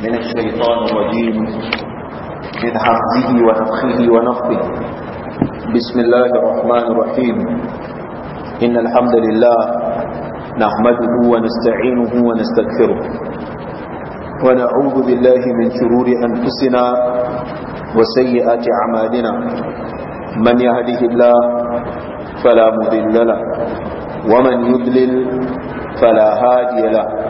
من الشيطان الرجيم من حفظه ونفخه ونفخه بسم الله الرحمن الرحيم إن الحمد لله نحمده ونستعينه ونستغفره ونعوذ بالله من شرور أنفسنا وسيئات أعمالنا من يهده الله فلا مضل له ومن يضلل فلا هادي له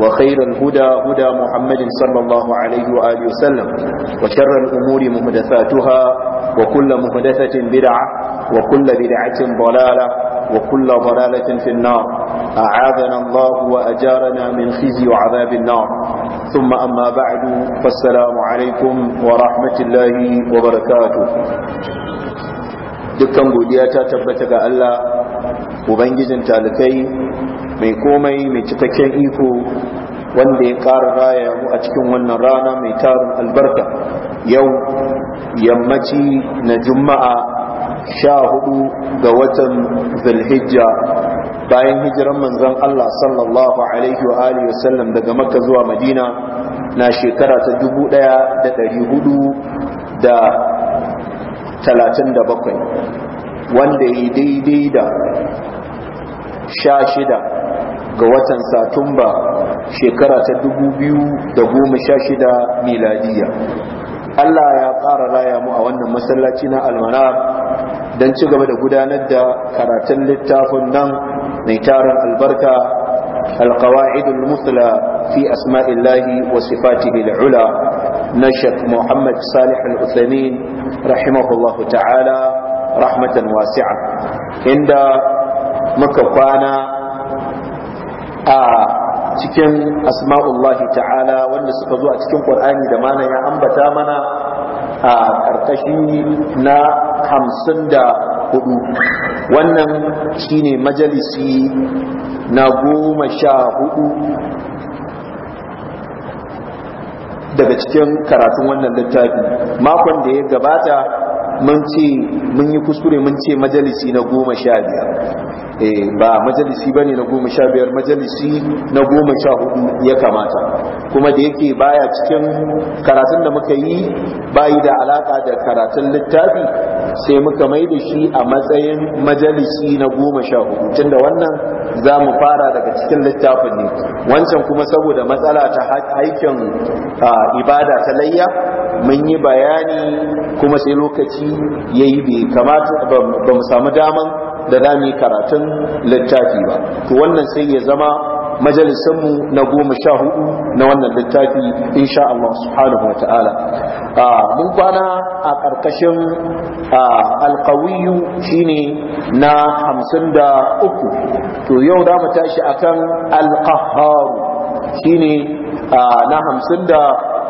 وخير الهدى هدى محمد صلى الله عليه وآله وسلم وشر الأمور مهدثاتها وكل مهدثة بدعة وكل بدعة ضلالة وكل ضلالة في النار أعاذنا الله وأجارنا من خزي وعذاب النار ثم أما بعد فالسلام عليكم ورحمة الله وبركاته dukkan godiya ta tabbata ga Allah ubangijin talikai mai komai mai cikakken iko wanda ya ƙara raya mu a cikin wannan rana mai tarin albarka yau yammaci na juma'a sha hudu ga watan zulhijja bayan hijiran manzon Allah sallallahu alaihi wa alihi wa sallam daga makka zuwa madina na shekara ta dubu ɗaya da ɗari hudu da talatin da bakwai wanda ya daidai da sha shida ga watan satumba shekara ta 2016 miladiya Allah ya ƙara raya mu a wannan masallaci na almana don ci gaba da gudanar da karatun littafin nan mai tarin albarka alkawa'idul mutula fi asma'illahi wa sifatihi al'ula na shek muhammad salih al-uthamin rahimahullahu ta'ala rahmatan wasi'a inda muka kwana a cikin asma'ullahi ta'ala wanda suka zo a cikin ƙwar'ani da mana ya ambata mana a ƙarƙashi na hamsin da hudu wannan shine majalisi na goma sha hudu daga cikin karatun wannan littafi makon da ya gabata mun ce mun yi kuskure mun ce majalisi na goma sha biyar eh, ba majalisi ba ne na goma sha biyar majalisi na goma sha hudu ya kamata kuma da yake baya cikin karatun da muka yi bayi da alaka da karatun littafi sai muka mai da shi a matsayin majalisi na goma sha hudu tunda wannan za mu fara daga cikin littafin ne wancan kuma saboda matsala ta aikin ibada ta layya mun yi bayani kuma sai lokaci ya yi bai kamata ba mu samu daman da za mu yi karatun littafi ba to wannan sai ya zama majalisanmu na goma sha hudu na wannan littafi insha Allah subhanahu wa ta'ala mun kwana a ƙarƙashin alkawiyu shine na hamsin da uku to yau da mu tashi akan alkaharu shine na hamsin da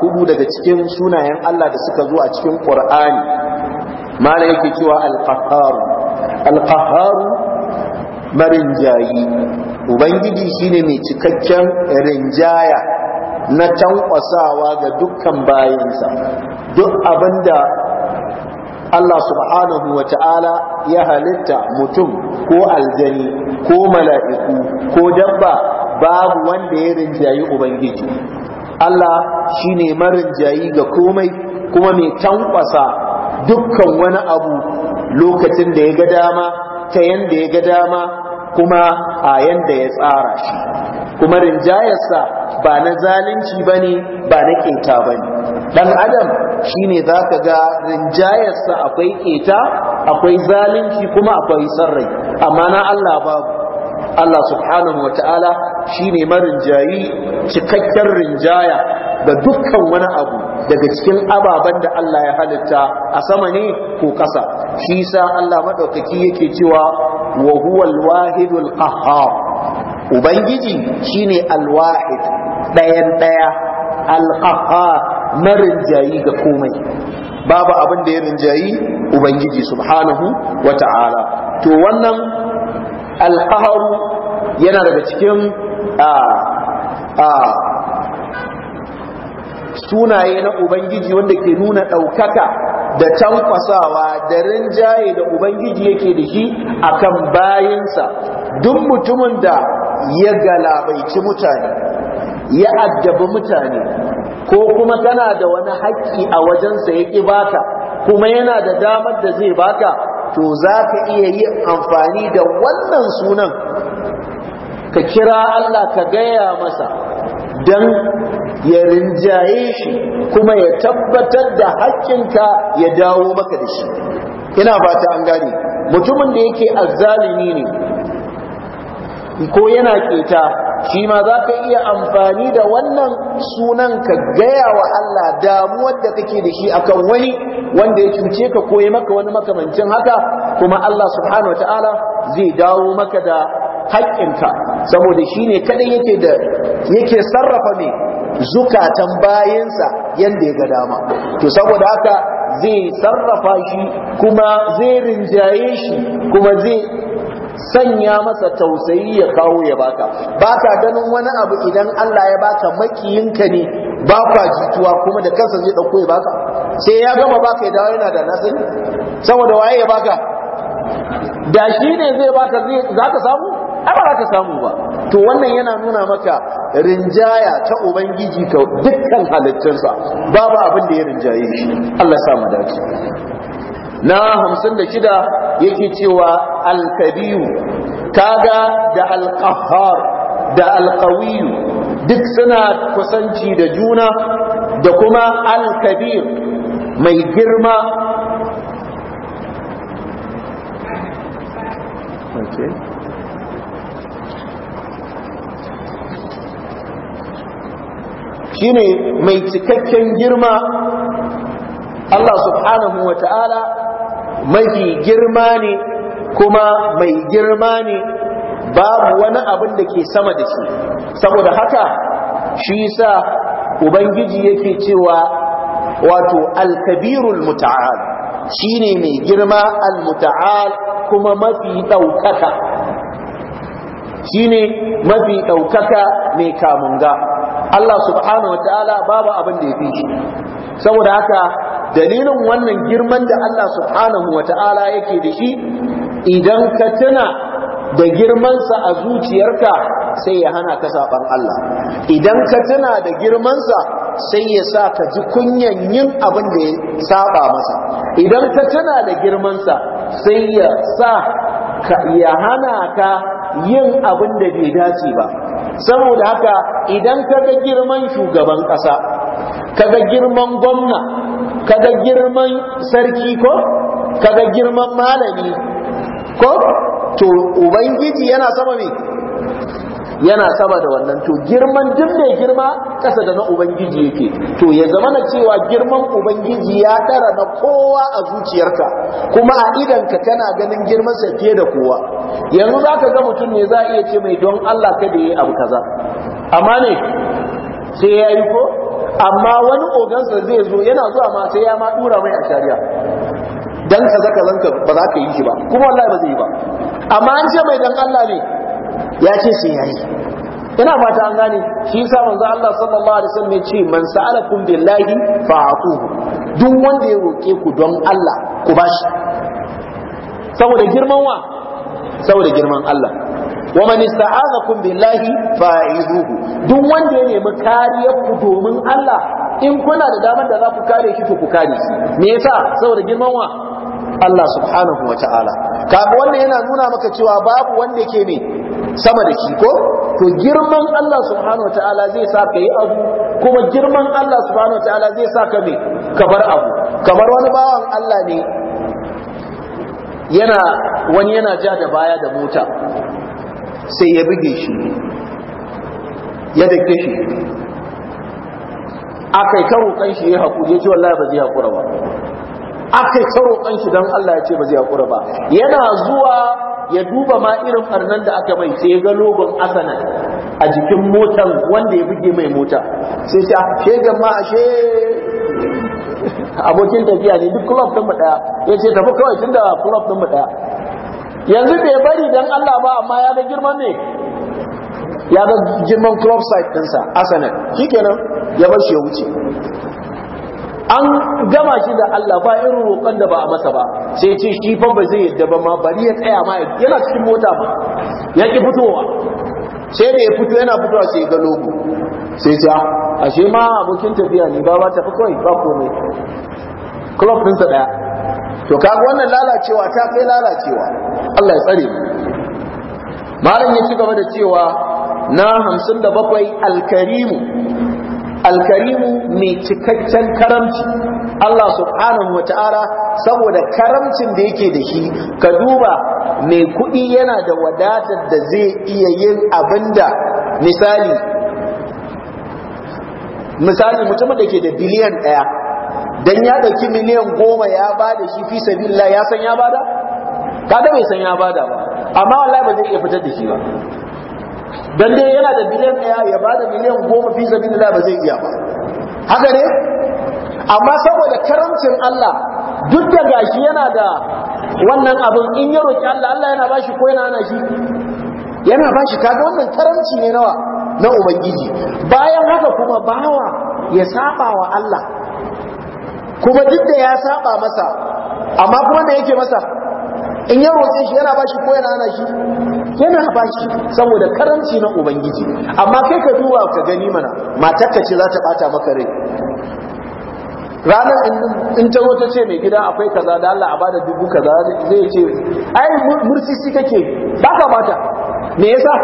hudu daga cikin sunayen Allah da suka zo a cikin ƙur'ani mala yake cewa alkaharu alkaharu marin jayi ubangiji shine mai cikakken rinjaya na tankwasawa ga dukkan bayansa duk abinda Allah subhanahu wa ta'ala ya halitta mutum ko aljani ko mala'iku ko dabba babu wanda ya rinjayi ubangiji Allah shi shine marinjayi ga komai kuma mai tankwasa dukkan wani abu lokacin da ya ga dama ta yanda ya ga dama kuma a yanda ya tsara shi kuma rinjayarsa ba na zalunci ba ne ba na keta ba ne ɗan adam shi ne za ka ga rinjayarsa akwai keta akwai zalunci kuma akwai sarrai amma na Allah babu Allah subhanahu wa ta'ala shi ne marinjayi cikakken rinjaya ga dukkan wani abu daga cikin ababen da Allah ya halitta a sama ne ko ƙasa shi sa Allah maɗaukaki yake cewa wa huwa al-wahid al-qahhar ubangiji shine al-wahid dayan daya al-qahhar marinjayi ga komai babu abin da ya rinjayi ubangiji subhanahu wa ta'ala to wannan al-qahhar yana daga cikin a ah, ah, sunaye na ubangiji wanda ke nuna ɗaukaka da tankwasawa da rinjaye da ubangiji yake da shi akan bayansa, duk mutumin da ya galabaici mutane ya addabi mutane ko kuma tana da wani haƙƙi a wajensa ya ƙi baka kuma yana da damar da zai baka to za ka iya yi amfani da wannan sunan ka kira Allah ka gaya masa don ya rinjaye shi kuma ya tabbatar da haƙƙinka ya dawo maka da shi ina fata an gane mutumin da yake azzalimi ne ko yana keta shi ma za ka iya amfani da wannan sunan ka gaya wa Allah damuwar da kake da shi akan wani wanda ya cuce ka koyi maka wani makamancin haka kuma Allah subhanahu wataala zai dawo maka da haƙƙinka saboda shi ne kaɗai yake da yake sarrafa mai zukatan bayinsa yanda ya ga dama to saboda haka zai sarrafa shi kuma zai rinjaye shi kuma zai sanya masa tausayi ya kawo ya baka baka ganin wani abu idan Allah ya baka makiyinka ne ba ka jituwa kuma da kansa zai dauko ya baka sai ya gama baka ya dawo yana da nasin saboda waye ya baka da shi ne zai baka zai zaka samu ai ba za ka samu ba to wannan yana nuna maka rinjaya ta ubangiji ka dukkan halittunsa babu abin da ya rinjaye shi Allah ya samu dace na hamsin da shida yake cewa alkabiyu kaga da alkahar da al-qawi duk suna kusanci da juna da kuma alkabir mai girma okay. shine mai cikakken girma Allah subhanahu wa ta'ala mafi girma ne kuma mai girma ne babu wani abin da ke sama da shi saboda haka shi sa ubangiji yake cewa wato alkabirul muta'al shine mai girma almuta'al kuma mafi ɗaukaka shine mafi ɗaukaka mai kamunga Allah subhanahu wataala babu abin da ya fi shi saboda haka dalilin wannan girman da Allah subhanahu wataala yake da shi idan ka tuna da girmansa a zuciyarka sai ya hana ka saban Allah idan ka tuna da girmansa sai ya sa ka ji kunyan yin abin da ya saba masa idan ka tuna da girmansa sai ya sa ka ya hana ka yin abin da bai dace ba saboda haka idan kaga girman shugaban ƙasa kaga girman gwamna kaga girman sarki ko kaga girman malami ko to ubangiji yana sama mai. yana sama da wannan to girman duk mai girma kasa da na ubangiji yake to ya zama na cewa girman ubangiji ya tara na kowa a zuciyarka kuma a idanka kana ganin girman sa fiye da kowa yanzu za ka ga mutum ne za a iya ce mai don Allah ka da yi abu kaza amma ne sai ya yi ko amma wani ogansa zai zo yana zuwa ma sai ya ma dura mai a shari'a dan kaza kazanka ba za ka yi shi ba kuma wallahi ba zai yi ba amma an ce mai dan Allah ne ya ce sai yayi ina fata an gane shi yasa manzo Allah sallallahu alaihi wasallam ya ce man sa'alakum billahi fa'atu duk wanda ya roke ku don Allah ku bashi saboda girman wa saboda girman Allah wa man ista'azakum billahi fa'izuhu duk wanda ya nemi kariyar ku domin Allah in kuna da damar da za ku kare shi to ku kare shi me yasa saboda girman wa Allah subhanahu wa ta'ala kaga wannan yana nuna maka cewa babu wanda yake ne sama da shi ko to girman Allah subhanahu wataala zai sa ka yi abu kuma girman Allah subhanahu wataala zai sa ka me ka bar abu kamar wani bawan Allah ne yana wani yana ja da baya da mota sai ya buge shi ya dake shi akai ta kanshi shi ya haƙuri ya ce wallahi ba zai haƙura ba akai ta kanshi shi don Allah ya ce ba zai haƙura ba yana zuwa ya duba ma irin farnan da aka mai sai ga logon asana a jikin motar wanda ya buge mai mota sai sai ah, ga ma ashe abokin tafiya ne duk club din mu daya ya ce tafi kawai tunda club din mu daya yanzu bai bari dan Allah ba amma ya ga girman ne ya ga girman club site ɗinsa shikenan ya bar shi ya wuce an gama shi da Allah ba irin roƙon da ba a masa ba sai ce shi fa ba zai yadda ba ma bari ya tsaya ma yana cikin mota ba ya ki fitowa sai da ya fito yana fitowa sai ga logo sai ce ashe ma abokin tafiya ne ba ba tafi kawai ba komai club ɗinsa ɗaya to kaga wannan lalacewa ta kai lalacewa Allah ya tsare malam ya ci gaba da cewa na hamsin da bakwai alkarimu alkarimu mai cikakken karamci Allah subhanahu wa ta'ala saboda karamcin da yake da shi ka duba mai kuɗi yana da wadatar da zai iya yin abinda misali misali mutumin da ke da biliyan ɗaya don ya ɗauki miliyan goma ya ba da shi fi sabila ya san ya bada? da mai san ya bada ba amma wallahi ba zai iya fitar da shi ba dan dai yana da miliyan daya ya ba da miliyan goma fi sabilillah ba zai iya ba haka ne amma saboda karamcin Allah duk da gashi yana da wannan abin in ya roki Allah Allah yana bashi ko yana ana shi yana bashi kaga wannan karamci ne nawa na ubangiji bayan haka kuma bawa ya saba wa Allah kuma duk da ya saba masa amma kuma da yake masa in ya roƙe shi yana bashi ko yana ana shi yana bashi saboda karanci na ubangiji amma kai ka duba ka gani mana matarka ce za ta bata maka rai ranar in ta zo ta ce mai gida akwai kaza da Allah a bada dubu kaza zai ce ai mursisi kake ba ka bata me yasa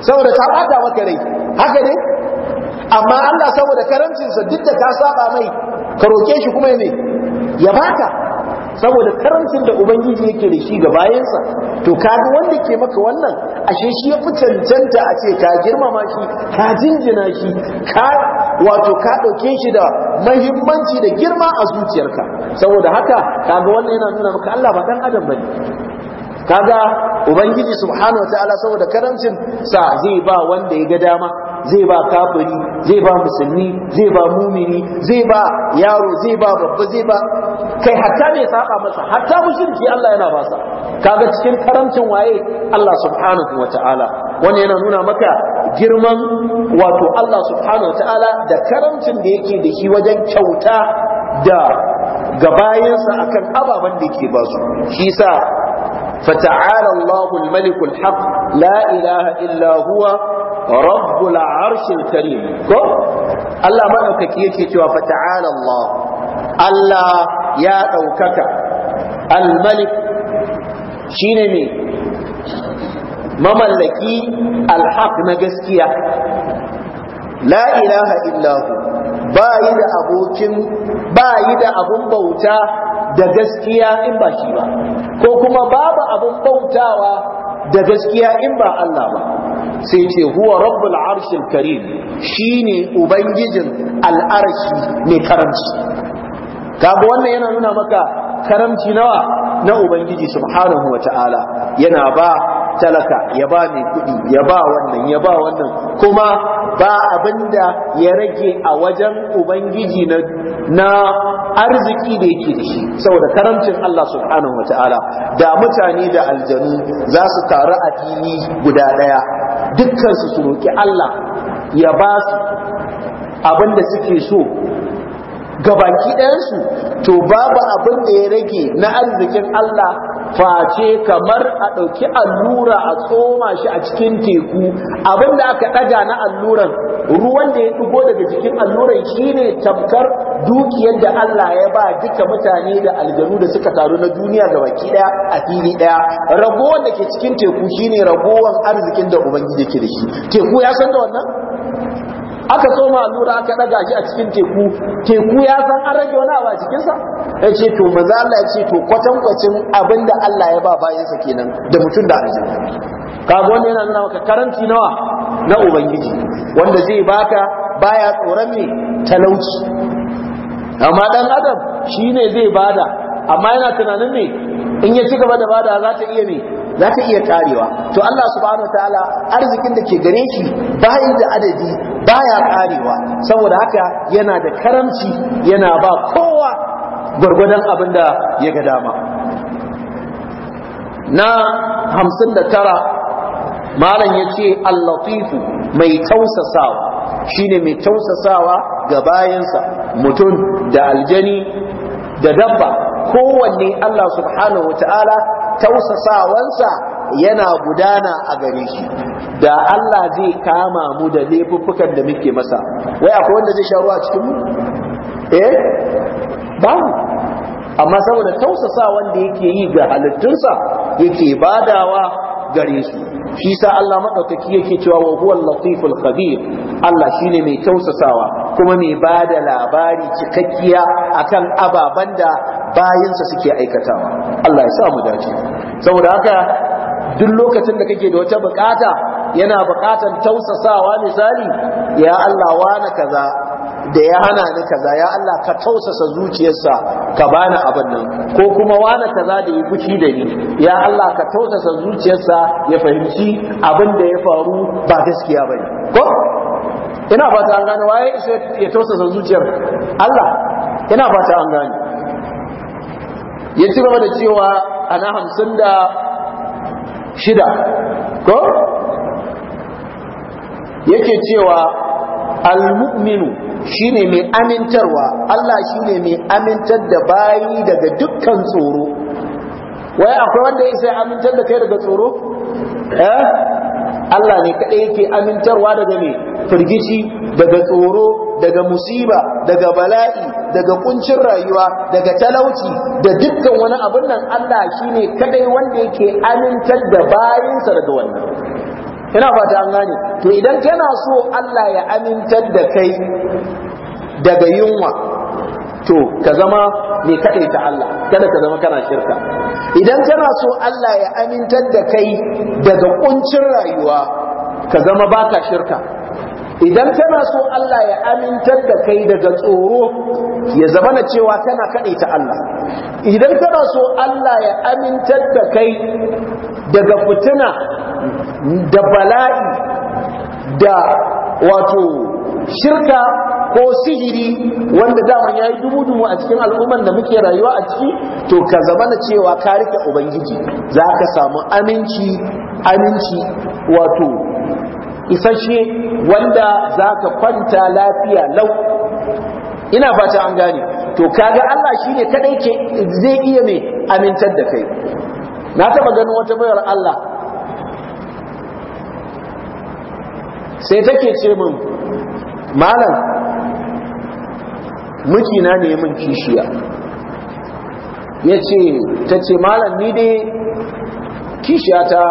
saboda ta bata maka rai haka ne amma Allah saboda sa duk da ka saba mai ka roke shi kuma ne ya baka saboda karancin da ubangiji yake da shi ga bayansa to kaga wanda ke maka wannan ashe shi ya fi a ce ka girmama shi ka jinjina shi ka wato ka ɗauke shi da mahimmanci da girma a zuciyarka saboda haka kaga wannan yana nuna maka Allah ba dan adam bane ga ubangiji subhanahu wataala saboda karancin sa zai ba wanda ya ga dama zai ba kafiri zai ba musulmi zai ba mumini zai ba yaro zai ba babba zai ba kai hatta ne saba masa hatta mushriki Allah yana ba sa kaga cikin karancin waye Allah subhanahu wataala wannan yana nuna maka girman wato Allah subhanahu wataala da karamcin da yake da shi wajen kyauta da gabayinsa akan ababen da yake ba su shi sa فتعالى الله الملك la ilaha إله إلا rabbul arshil karim ko Allah madaukaki yake cewa fa ta'ala Allah ya ɗaukaka. al-malik shine ne mamallaki al na gaskiya la ilaha illahu bayi da abokin bayi da abun bauta da gaskiya in ba ba ko kuma babu abun bautawa da gaskiya in ba Allah ba sai ce huwa rabbul arshil karim shine ubangijin al'arshi mai karamci kaga wannan yana nuna maka karamci nawa na ubangiji subhanahu wataala yana ba talaka ya ba mai kuɗi ya ba wannan ya ba wannan kuma ba abinda ya rage a wajen ubangiji na na arziki da yake da shi saboda karamcin Allah subhanahu wataala da mutane da aljanu za su taru a fili guda ɗaya dukkan su su roki Allah ya ba su abin suke so gabaki su to babu abin da ya rage na arzikin Allah face kamar a ɗauki allura a tsoma shi a cikin teku Abin da aka ɗaga na alluran ruwan da ya ɗigo daga cikin alluran shine tamkar dukiyar da Allah ya ba duka mutane da aljanu da suka taru na duniya ga baki ɗaya a fili ɗaya ragowar da ke cikin teku shine ragowar arzikin da ubangiji ke da shi teku ya san da wannan aka soma allura aka daga shi a cikin teku teku ya san an rage wani abu a cikinsa ya ce to maza Allah ya ce to kwatankwacin abin da Allah ya ba bayansa kenan da mutum da aljanna kaga wannan yana nuna maka karanci nawa na ubangiji wanda zai baka baya tsoron me talauci amma dan adam shine zai bada amma yana tunanin me in ya ci gaba da bada za ta iya me za ta iya karewa to Allah subhanahu Ta'ala arzikin da ke gare shi bayi da adadi baya karewa saboda haka yana da karamci yana ba kowa gwargwadon abin da ya ga dama na hamsin da tara malam ya ce allatifu mai tausasawa shine mai tausasawa ga bayansa mutum da aljani da dabba kowanne Allah subhanahu Ta'ala. tausasawansa yana gudana a gare shi da Allah zai kama mu da laifuffukan da muke masa wai akwai wanda zai sha ruwa cikin mu eh ba amma saboda tausasa wanda yake yi ga halittunsa yake badawa gare su shi sa Allah madaukaki yake cewa wa huwal latiful khabir Allah shine mai tausasawa kuma mai bada labari cikakkiya akan ababan da bayinsa suke aikatawa Allah ya sa mu dace saboda haka duk lokacin da kake da wata bukata yana bukatan tausasawa misali ya Allah wana kaza da ya hana ni kaza ya Allah ka tausasa zuciyarsa ka bani abin nan ko kuma wani kaza da ya fushi da ni ya Allah ka tausasa zuciyarsa ya fahimci abin da ya faru ba gaskiya bane ko ina fata an gane waye ya tausasa zuciyar Allah ina fata an gane ya ci gaba da cewa ana hamsin da shida ko yake cewa Almuminu shi shine mai amintarwa Allah shine mai amintar da bayi daga dukkan tsoro wai akwai wanda ya sai amintar da kai daga tsoro eh Allah ne kadai yake amintarwa daga me firgici daga tsoro daga musiba daga bala'i daga kuncin rayuwa daga talauci da dukkan wani abun nan Allah shine kadai wanda yake amintar da bayinsa daga wannan ina fata an gane to idan kana so Allah ya amintar da kai daga yunwa to ka zama mai kaɗaita Allah kada ka zama kana shirka idan kana so Allah ya amintar da kai daga kuncin rayuwa ka zama baka shirka idan tana so Allah ya amintar da kai daga tsoro ya zama na cewa tana ta Allah idan tana so Allah ya amintar da kai daga fitina da bala'i da wato shirka ko sihiri wanda damar ya yi dubu-dubu a cikin al'umman da muke rayuwa a ciki to ka zama na cewa ka rike ubangiji za ka samu aminci aminci wato Isashe wanda za ka kwanta lafiya lau ina fata an gane to kaga Allah shi ne kadai ke zai iya mai amintar da kai na taba ganin wata bayar Allah sai take ce min malam mijina ne min kishiya ya ce ta ce malam ni dai kishiyata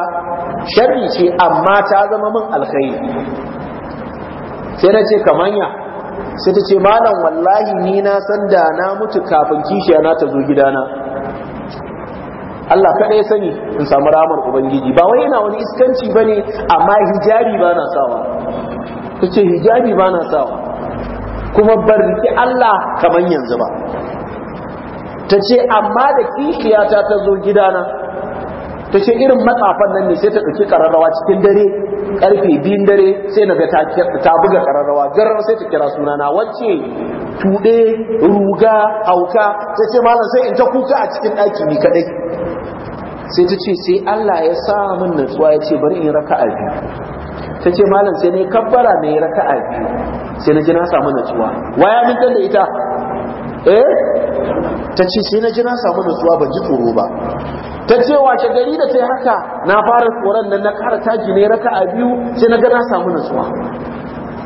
sharri ce amma ta zama min alkhairi sai na ce kamanya sai ta ce malam wallahi ni na san da na mutu kafin kishiya na ta zo gidana Allah kaɗai sani in samu ramar Ubangiji ba wai yana wani iskanci ba ne amma hijabi ba na sawa ta ce hijabi ba na sawa kuma barki Allah kamar yanzu ba ta ce amma da kishiyata ta zo gidana ta ce irin matsafan nan ne sai ta ɗauki ƙararrawa cikin dare ƙarfe biyun dare sai na ga ta buga ƙararrawa garar sai ta kira sunana wacce tuɗe ruga hauka ta ce malam sai in ta kuka a cikin ɗaki ni kaɗai sai ta ce sai Allah ya sa min natsuwa ya ce bari in raka a biyu ta ce malam sai ne kabbara yi raka a biyu sai na ji na samu natsuwa waya min da ita eh ta ce sai na ji na samu natsuwa ban ji tsoro ba ta ce washe gari da ta yi haka na fara tsoron nan na kara taji ne raka a biyu sai na gana samu nutsuwa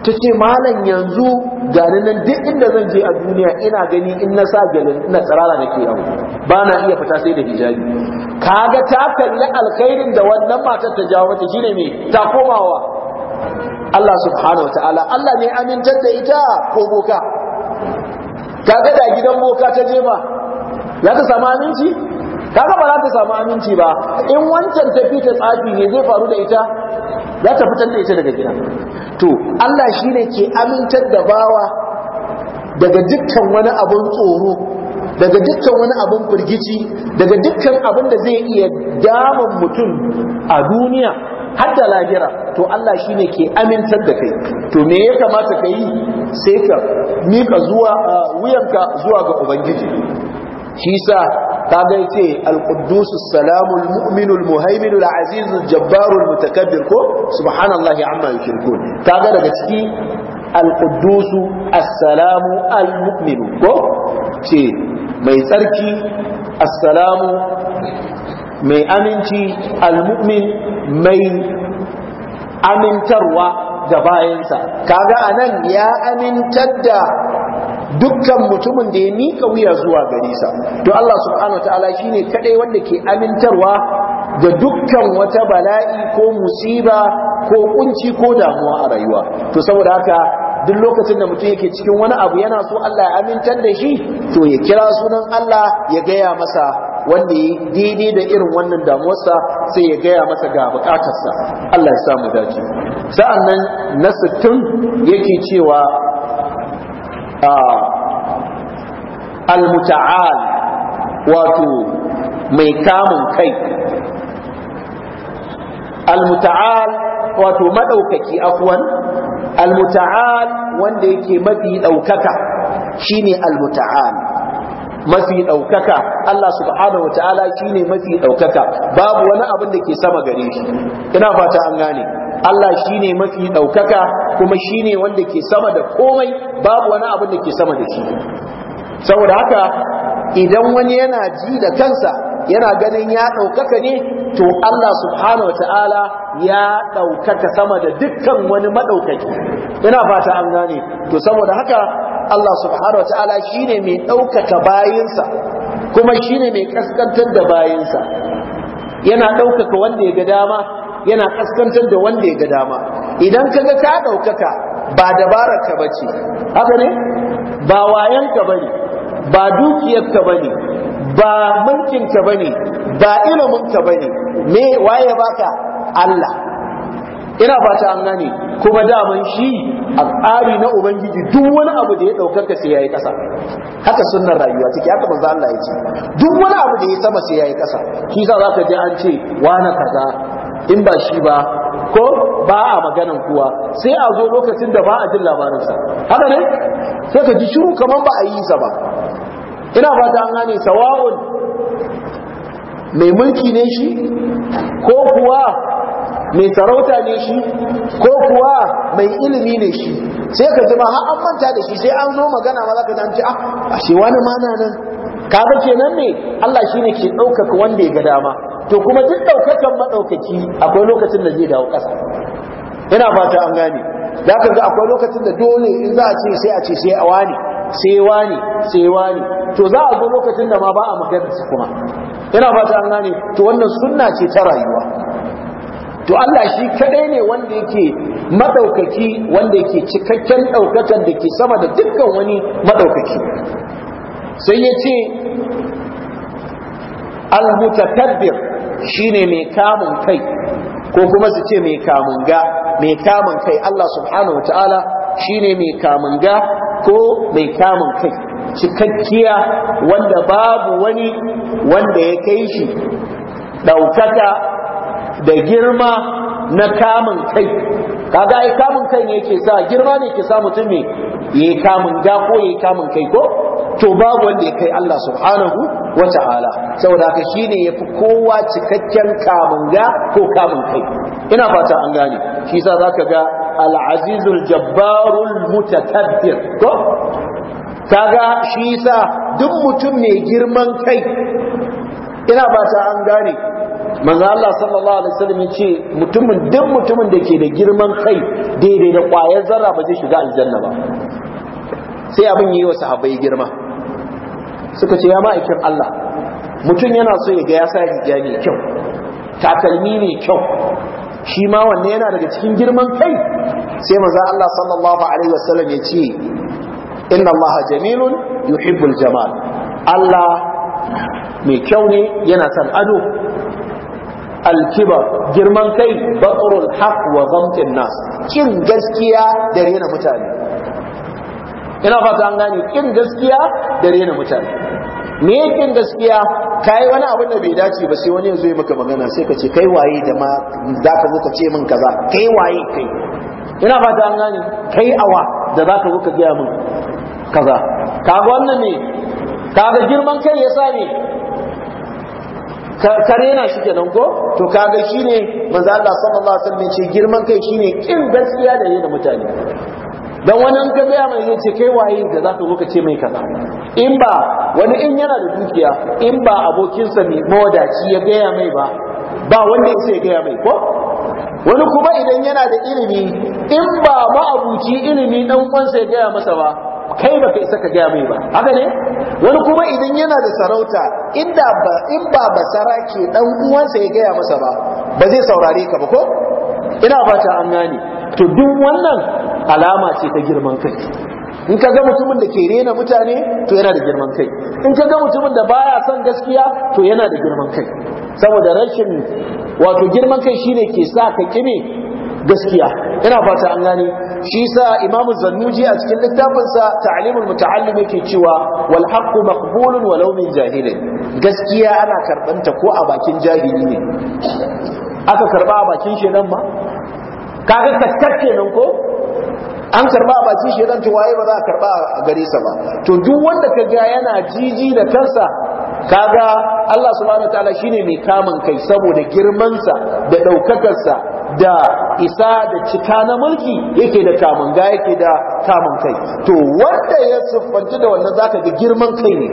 ta ce malam yanzu gani nan duk inda zan je a duniya ina gani in na sa gyalin ina tsirara ke yau ba na iya fita sai da hijabi kaga ta kalli alkhairin da wannan matar ta jawo mata shine me ta komawa Allah subhanahu wa ta'ala Allah ne amintar da ita ko boka kaga da gidan boka ta je ba za ta samu aminci kaga ba za ta samu aminci ba in wancan tafi ta tsafi ne zai faru da ita za ta fitar da ita daga gida to Allah shine ke amintar da bawa daga dukkan wani abun tsoro daga dukkan wani abun firgici daga dukkan abin da zai iya damun mutum a duniya har da lahira to Allah shine ke amintar da kai to me ya kamata ka yi sai ka mika zuwa wuyanka zuwa ga ubangiji shi sa kaga yace al-quddus as-salamu al-mu'minu al-muhaiminu al-aziz al-jabbaru al-mutakabbir ko subhanallahi amma yushrikun kaga daga ciki al-quddus as-salamu al-mu'minu ko ce mai tsarki as-salamu mai aminci al-mu'min mai amintarwa da bayansa kaga anan ya amintar da dukkan mutumin da ya mika wuya zuwa gare sa to Allah subhanahu wataala shine kadai wanda ke amintarwa da dukkan wata bala'i ko musiba ko kunci ko damuwa a rayuwa to saboda haka duk lokacin da mutum yake cikin wani abu yana so Allah ya amintar da shi to ya kira sunan Allah ya gaya masa wanda ya daidai da irin wannan damuwarsa sai ya gaya masa ga bukatarsa Allah ya samu dace sa'an nan na sittin yake cewa al-muta'al wato mai kamun kai al-muta'al wato madaukaki afwan al-muta'al wanda yake mafi daukaka shine al-muta'al mafi daukaka Allah subhanahu wataala shine mafi daukaka babu wani abin da ke sama gare shi ina fata an gane Allah shine mafi ɗaukaka kuma shine wanda ke sama da komai babu wani abin da ke sama da shi saboda haka idan wani yana ji da kansa yana ganin ya ɗaukaka ne to Allah subhanahu wa ta'ala ya ɗaukaka sama da dukkan wani maɗaukaki ina fata an gane to saboda haka Allah subhanahu wa ta'ala shine mai ɗaukaka bayinsa kuma shine mai kaskantar da bayinsa yana ɗaukaka wanda ya ga dama yana kaskantar da wanda ya ga dama idan ka ga ka ɗaukaka ba dabararka ba ce haka ne ba wayanka ka bane ba dukiyar ka bane ba mulkin ka bane ba ilimin ka bane me waye baka Allah ina fata an gane kuma daman shi a na ubangiji duk wani abu da ya ɗaukar ka sai yayi ƙasa haka sunnar rayuwa take haka manzo Allah ya ce duk wani abu da ya sama sai yayi ƙasa shi yasa zaka je an ce wani kaza in ba shi ba ko ba a maganan kuwa sai a zo lokacin da ba a jin labarinsa haka ne sai ka ji shiru kamar ba a yi sa ba ina fata an gane sawa'un mai mulki ne shi ko kuwa mai sarauta ne shi ko kuwa mai ilimi ne shi sai ka ji ma har an manta da shi sai an zo magana ma za ka ji ah shi wani mana nan kaga kenan ne Allah shi ne ke ɗaukaka wanda ya ga dama to kuma duk daukakan madaukaki akwai lokacin da zai dawo ƙasa ina fata an gane da ka ga akwai lokacin da dole in za a ce sai a ce sai a wani sai wani sai wani to za a zo lokacin da ma ba a magana su kuma ina fata an gane to wannan sunna ce ta rayuwa to Allah shi kadai ne wanda yake madaukaki wanda yake cikakken daukakan da ke sama da dukkan wani madaukaki sai ya ce al-mutakabbir shine mai kamun kai ko kuma su ce mai kamun ga mai kamun kai Allah subhanahu wataala shine mai kamun ga ko mai kamun kai cikakkiya wanda babu wani wanda ya kai shi daukaka da girma na kamun kai kaga ai kamun kai ne yake sa girma ne ke sa mutum ne yayi kamun ga ko yayi kamun kai ko to babu wanda ya kai Allah subhanahu wataala saboda haka shine yafi kowa cikakken kamun ga ko kamun kai ina fata an gane shi yasa zaka ga al-azizul jabbarul mutakabbir ko kaga shi yasa duk mutum mai girman kai ina fata an gane manzo Allah sallallahu alaihi wasallam yace mutumin duk mutumin da ke da girman kai daidai da ƙwayar zarra ba zai shiga aljanna ba sai abin yi wa sahabbai girma suka ce ya ma'aikin Allah mutum yana so ya ga ya sa riga mai kyau takalmi mai kyau shi ma wanne yana daga cikin girman kai sai manzo Allah sallallahu alaihi wasallam ya inna Allah jamilun yuhibbul jamal Allah mai kyau ne yana son ado alkibar girman kai batrul haq wa zamtin nas kin gaskiya da rena mutane ina fata an gani kin gaskiya da rena mutane me kin gaskiya kai wani abu da bai dace ba sai wani ya zo ya maka magana sai ka ce kai waye da ma ka zo ka ce min kaza kai waye kai ina fata an gani kai awa da ka zo ka gaya min kaza kaga wannan ne kaga girman kai yasa ne kare na shi kenan ko to kaga shine manzo Allah sallallahu alaihi wasallam yace girman kai shine kin gaskiya da yayin da mutane dan wani ka ga mai yace ce kai waye da zaka zo ka ce mai kaza in ba wani in yana da dukiya in ba abokinsa ne mawadaci ya gaya mai ba ba wanda sai ya gaya mai ko wani kuma idan yana da ilimi in ba abuci ilimi dan kwansa ya gaya masa ba kai ba ka isa ka gaya mai ba haka ne wani kuma idan yana da sarauta inda ba in ba basara ke dan uwansa ya gaya masa ba ba zai saurare ka ba ko ina fata an gane to duk wannan alama ce ta girman kai in ka ga mutumin da ke rena mutane to yana da girman kai in ka ga mutumin da baya son gaskiya to yana da girman kai saboda rashin wato girman kai shine ke sa ka kime gaskiya ina fata an gane shi sa imamu zannuji a cikin littafinsa ta'alimul muta'allim yake cewa wal haqqu maqbulun walau min jahilin gaskiya ana karbanta ko a bakin jahili ne aka karba a bakin shedan ma kaga kaskar kenan ko an karba a bakin shedan to waye ba za a karba a gare sa ba to duk wanda ka ga yana jiji da kansa kaga Allah subhanahu wataala shine mai kamun kai saboda girmansa da daukakarsa da isa da cika na mulki yake da kamun ga yake da kamun kai to wanda ya siffanci da wannan zaka ga girman kai ne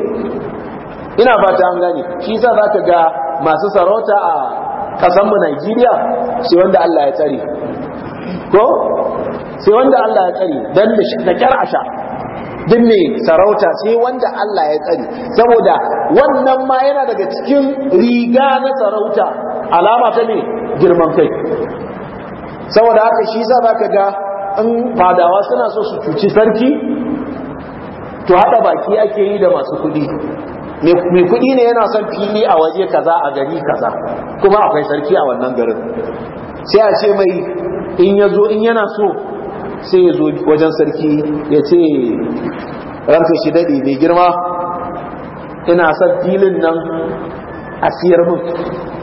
ina ta an gane shi yasa zaka ga masu sarauta a kasan mu Najeriya sai wanda Allah ya tsare ko sai wanda Allah ya tsare dan da kyar asha din mai sarauta sai wanda Allah ya tsare saboda wannan ma yana daga cikin riga na sarauta alama ta ne girman kai saboda haka shi sa ka ga in fadawa suna so su cuci sarki to haɗa baki ake yi da masu kuɗi mai kuɗi ne yana son fili a waje kaza a gari kaza kuma akwai sarki a wannan garin sai a ce mai in ya zo in yana so sai ya zo wajen sarki ya ce ranta shi daɗe mai girma ina son filin nan a siyar min.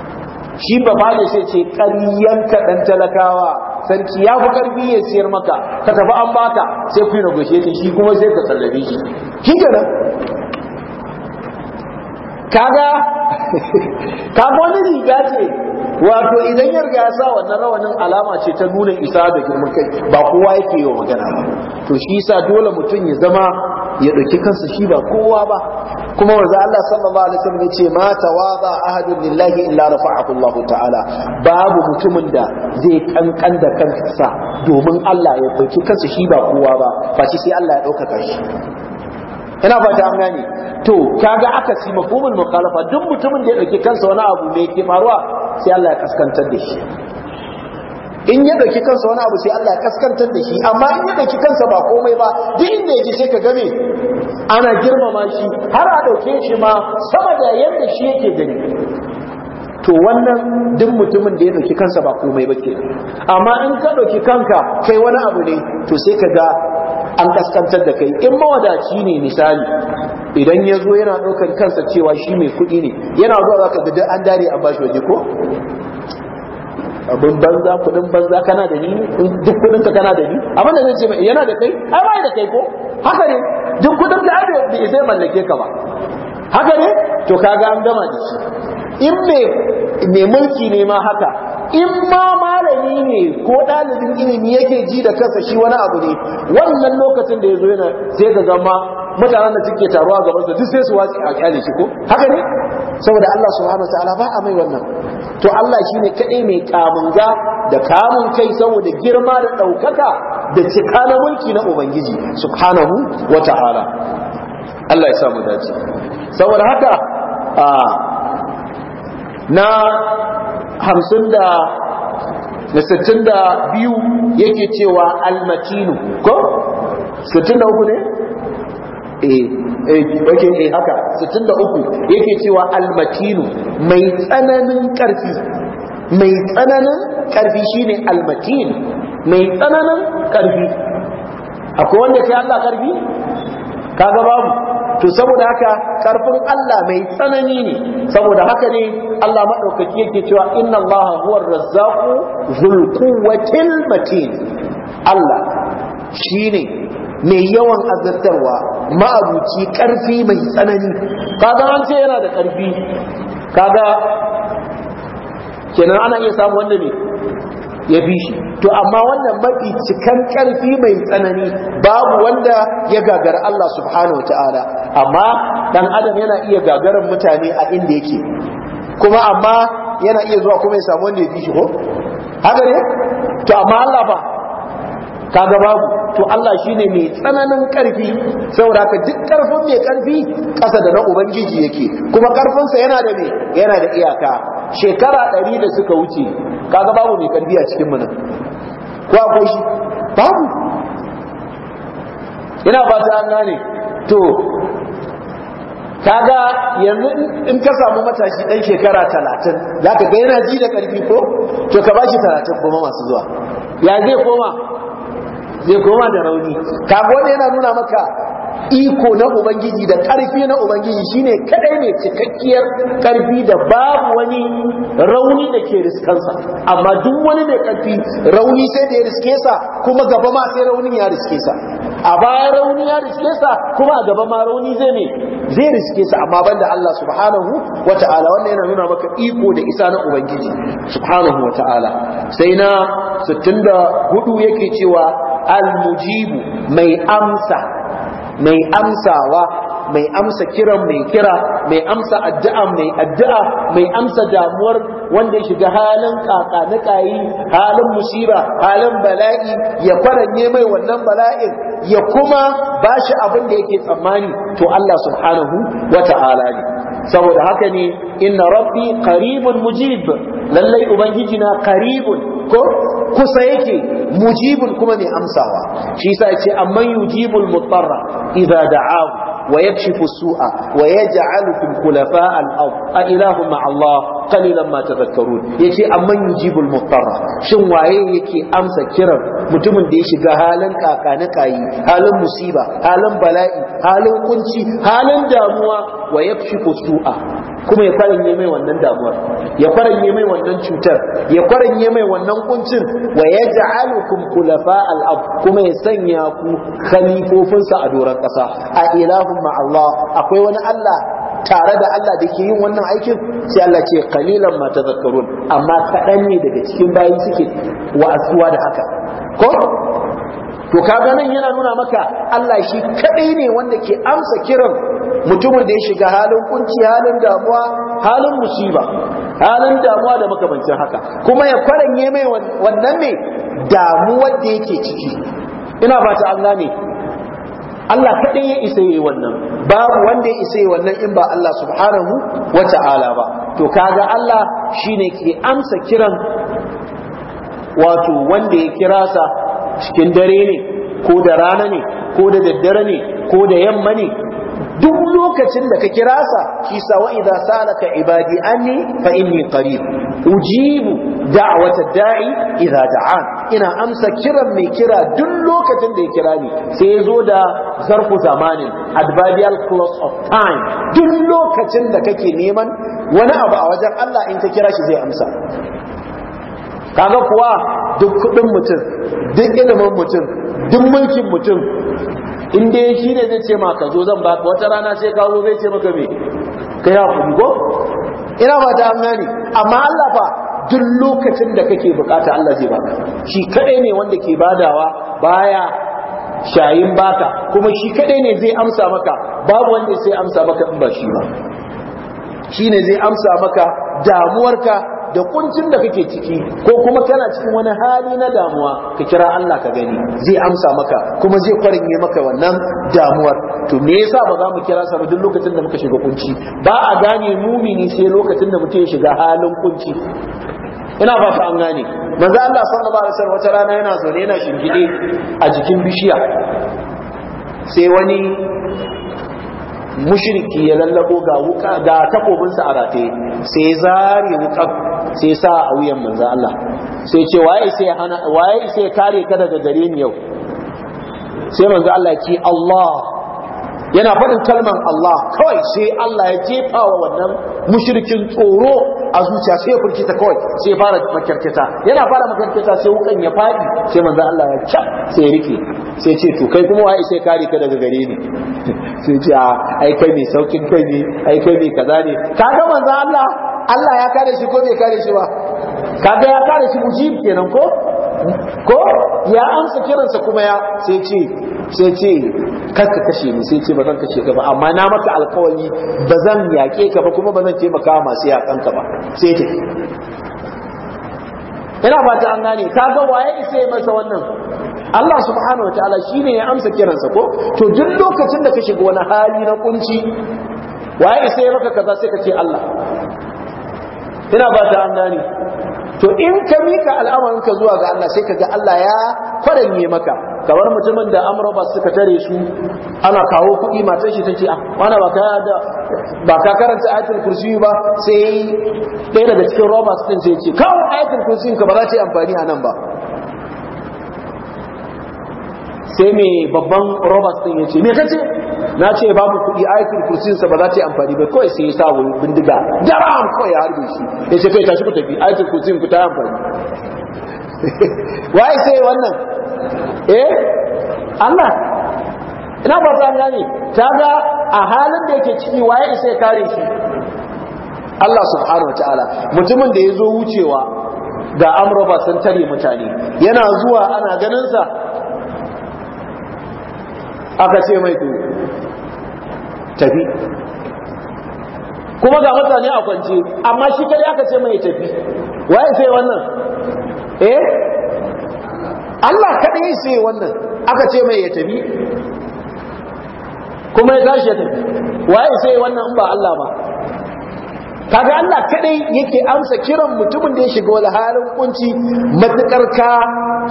shi ba ba da sai ce ƙaryanka ɗan talakawa sarki ya fi ƙarfi ya siyar maka ka tafi an baka sai ku yi shi kuma sai ka sallabe shi shi kenan kaga kaga wani riga ce wato idan ya riga ya sa wannan rawanin alama ce ta nuna isa da girman kai ba kowa yake yi wa magana ba to shi sa dole mutum ya zama ya ɗauki kansa shi ba kowa ba kuma wanzu Allah sallallahu alaihi wasallam yace ma tawaba ahadun lillahi illa rafa'ahu Allah ta'ala babu mutumin da zai kankan da kansa domin Allah ya ɗauki kansa shi ba kowa ba ba shi sai Allah ya ɗaukaka shi ina ba ne? gane to kaga aka si mafhumul mukhalafa duk mutumin da ya ɗauki kansa wani abu mai ke faruwa sai Allah ya kaskantar da shi in ya ɗauki kansa wani abu sai Allah ya kaskantar da shi amma in ya dauki kansa ba komai ba duk inda yaji sai ka gami? ana girmama shi har a dauke shi ma sama da yadda shi yake gani to wannan duk mutumin da ya dauki kansa ba komai ba ke, amma in ka dauki kanka kai wani abu ne to sai ka ga an kaskantar da kai in mawadaci ne misali idan ya zo yana ɗaukar kansa cewa shi mai kuɗi ne yana zuwa za ka ga an dare a bashi waje ko abin banza kudin banza kana da ni duk kudin ka kana da ni abin da zai ce yana da kai ai bai da kai ko haka ne duk kudin da ado da zai mallake ka ba haka ne to kaga an gama da shi in me mulki ne ma haka in ma malami ne ko dalibin ilimi yake ji da kansa shi wani abu ne wannan lokacin da ya zo yana sai ga gama mutanen da suke taruwa gaban sa duk sai su wace a kyale shi ko haka ne saboda Allah subhanahu wataala ba a mai wannan to Allah shi ne kadai mai kamunga da kamun kai saboda girma da ɗaukaka da cika na mulki na ubangiji subhanahu Ta'ala. Allah ya samu dace saboda haka a na hamsin da na sittin da biyu yake cewa almatinu ko sittin da uku ne eh Eh, yake eh haka 63 yake cewa almatinu mai tsananin karfi mai tsananin karfi shine almatin mai tsananin karfi akwai wanda kai Allah karfi kaga babu to saboda haka karfin Allah mai tsanani ne saboda haka ne Allah madaukaki yake cewa inna Allah huwa ar-razzaqu dhul quwwatil matin Allah shine mai yawan azartarwa ma'abuci karfi mai tsanani kaga an ce yana da karfi kaga kenan ana iya samu wanda ne ya bi shi to amma wannan mafi cikan karfi mai tsanani babu wanda ya gagara Allah subhanahu wa ta'ala amma dan adam yana iya gagarar mutane a inda yake kuma amma yana iya zuwa kuma ya samu wanda ya bi shi ko haka ne to amma Allah ba kaga babu to Allah shine mai tsananin karfi saboda ka duk karfin mai karfi kasa da na ubangiji yake kuma karfin sa yana da me yana da iyaka shekara 100 da suka wuce kaga babu mai karfi a cikin mu nan ko akwai shi babu ina ta an gane to kaga yanzu in ka samu matashi dan shekara 30 zaka ga yana ji da karfi ko to ka bashi 30 kuma masu zuwa ya zai koma zai koma da rauni kaga wanda yana nuna maka iko na ubangiji da ƙarfi na ubangiji shine kadai ne cikakkiyar karfi da babu wani rauni da ke riskansa amma duk wani mai karfi rauni sai da ya riske sa kuma gaba ma sai raunin ya riske sa a baya rauni ya riske sa kuma a gaba ma rauni zai ne zai riske sa amma banda Allah subhanahu wata'ala wannan yana nuna maka iko da isa na ubangiji subhanahu wata'ala sai na 64 yake cewa al-mujibu mai amsa mai amsawa mai amsa kiran mai kira mai amsa addu'a mai addu'a mai amsa damuwar wanda ya shiga halin kaka na kayi halin musiba halin bala'i ya faranye mai wannan bala'in ya kuma bashi abin da yake tsammani to Allah subhanahu wata'ala ne saboda haka ne inna rabbi qaribun mujib lallai ubangiji na qaribun ko kusa yake mujibun kuma mai amsawa shi yasa yace amma yujibul mutarra idza da'ahu wa yakshifu su'a wa yaj'alukum khulafa al-ard a ilahu ma'allah qalilan ma tadhakkarun yace amman yujibul mutarra shin waye yake amsa kiran mutumin da ya shiga halin kakani kayi halin musiba halin bala'i halin kunci halin damuwa su'a kuma ya faranye mai wannan damuwar ya faranye mai wannan cutar ya faranye mai wannan kuncin wa yaj'alukum khulafa al-ard kuma ya sanya ku khalifofinsa a doron kasa a ilahumma Allah akwai wani Allah tare da Allah da ke yin wannan aikin sai Allah ce kalilan ma tadhakkarun amma kaɗan ne daga cikin bayan suke wa'azuwa da haka ko to kaga nan yana nuna maka Allah shi kaɗai ne wanda ke amsa kiran mutumin da ya shiga halin kunci halin damuwa halin musiba halin damuwa da makamancin haka kuma ya kwaranye mai wannan ne damuwar da yake ciki ina fata ta gane. ne Allah kaɗai ya isa yi wannan babu wanda ya isa yi wannan in ba Allah subhanahu wa ta'ala ba to kaga Allah shine ke amsa kiran wato wanda ya kira sa cikin dare ne ko da rana ne ko da daddare ne ko da yamma ne duk lokacin da ka kira sa shi sa wa salaka ibadi anni fa inni qarib ujibu da'watad da'i ta da'an ina amsa kiran mai kira duk lokacin da ya kira ni sai ya zo da zarfu zamanin adverbial clause of time duk lokacin da kake neman wani abu a wajen Allah in ka kira shi zai amsa kaga kuwa duk kudin mutum duk ilimin mutum duk mulkin mutum in dai shi ne zai ce ma ka zo zan ba wata rana sai ka zo zai ce maka me kai hakuri ko ina ba ta ne amma Allah ba duk lokacin da kake bukata Allah zai baka shi kadai ne wanda ke badawa baya shayin baka kuma shi kadai ne zai amsa maka babu wanda sai amsa maka in ba shi ba shine zai amsa maka damuwarka da kuncin da kake ciki ko kuma kana cikin wani hali na damuwa ka kira Allah ka gani zai amsa maka kuma zai kwarinye maka wannan damuwar to me yasa ba za mu kira sa ba duk lokacin da muka shiga kunci ba a gane mumini sai lokacin da mutum ya shiga halin kunci ina ba an gane manzo Allah sallallahu alaihi wasallam wata rana yana zaune yana shingide a jikin bishiya sai wani mushriki ya lallabo ga wuka ga takobinsa a rataye sai zare wuka sai sa a wuyan manzo Allah sai ce waye sai hana waye sai kare ka daga gare ni yau sai manzo Allah ya ce Allah yana faɗin kalmar Allah kawai sai Allah ya jefa wa wannan mushrikin tsoro a zuciya sai ya furkita kawai sai ya fara makarkata yana fara makarkata sai wukan ya faɗi sai manzo Allah ya cap sai ya rike sai ce to kai kuma wai sai kare ka daga gare ni sai ce ai kai mai saukin kai ne ai kai mai kaza ne kaga manzo Allah Allah ya kare shi ko bai kare shi ba kaga ya kare shi mujib kenan ko ko ya amsa kiransa kuma ya sai ce sai ce kar ka kashe ni sai ce ba zan kashe ka ba amma na maka alkawari ba zan yaƙe ka ba kuma ba zan taimaka masu yaƙan ka ba sai ta ina ba ta an gane ka ga waye isa ya masa wannan Allah subhanahu wataala shine ya amsa kiransa ko to duk lokacin da ka shiga wani hali na kunci waye isa ya maka kaza sai ka ce Allah ina ba ta an gane to in ka mika al'amarin ka zuwa ga Allah sai ka ga Allah ya faranye maka kamar mutumin da amurba suka tare su ana kawo kuɗi matan shi take a wani ba ka karanta ayatul kursi ba sai ɗaya daga cikin roba su ce ce kawo ayatul kursi ka ba za ta yi amfani a nan ba sai mai babban su ɗin ya ce me kace na ce babu kuɗi ayatul kursi sa ba za ta yi amfani ba kawai sai ya sa wani bindiga daram kawai ya harbe shi ya ce kai tashi ku tafi ayatul kursin ku ta yi amfani Wai sai wannan eh Allah ina ba ta ne ta ga a halin da yake ciki waye isa ya kare shi Allah subhanahu wa ta'ala mutumin da ya zo wucewa ga amurba sun tare mutane yana zuwa ana ganinsa aka ce mai to tafi kuma ga mutane a kwance amma shi kare aka ce mai tafi waye sai wannan eh Allah kadai sai wannan aka ce mai ya tafi kuma ya tashi ya tafi waye sai wannan ba Allah ba kaga Allah kadai yake amsa kiran mutumin da ya shiga wani halin kunci matukar ka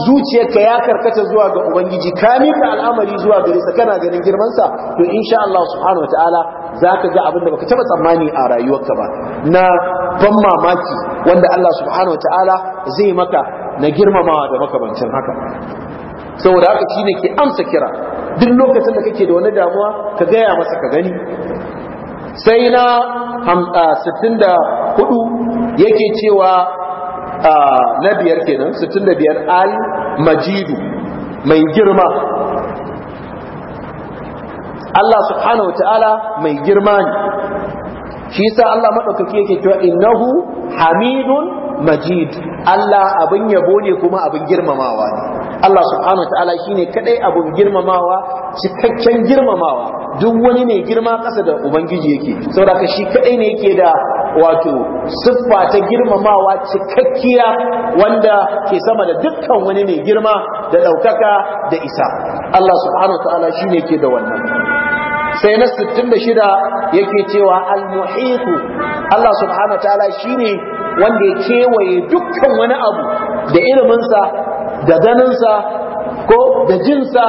zuciyarka ya karkata zuwa ga ubangiji ka mika al'amari zuwa gare sa kana ganin girman sa to insha Allah subhanahu wataala zaka ga abin da baka taba tsammani a rayuwarka ba na ban mamaki wanda Allah subhanahu wataala zai maka na girmamawa da makamancin haka saboda haka shine ke amsa kira duk lokacin da kake da wani damuwa ka gaya masa ka gani sai na 64 yake cewa na biyar kenan 65 al majidu mai girma Allah subhanahu wa ta'ala mai girma ne shi sa Allah madaukake yake cewa innahu hamidun majid Allah abin yabo ne kuma abin girmamawa ne Allah subhanahu ta'ala shine kadai abin girmamawa cikakken girmamawa duk wani ne girma kasa da ubangiji yake saboda shi kadai ne yake da wato siffa ta girmamawa cikakkiya wanda ke sama da dukkan wani ne girma da daukaka da isa Allah subhanahu ta'ala shine ke da wannan sai na 66 yake cewa al-muhitu Allah subhanahu ta'ala shine wanda ya kewaye dukkan wani abu da iliminsa da ganinsa ko da jinsa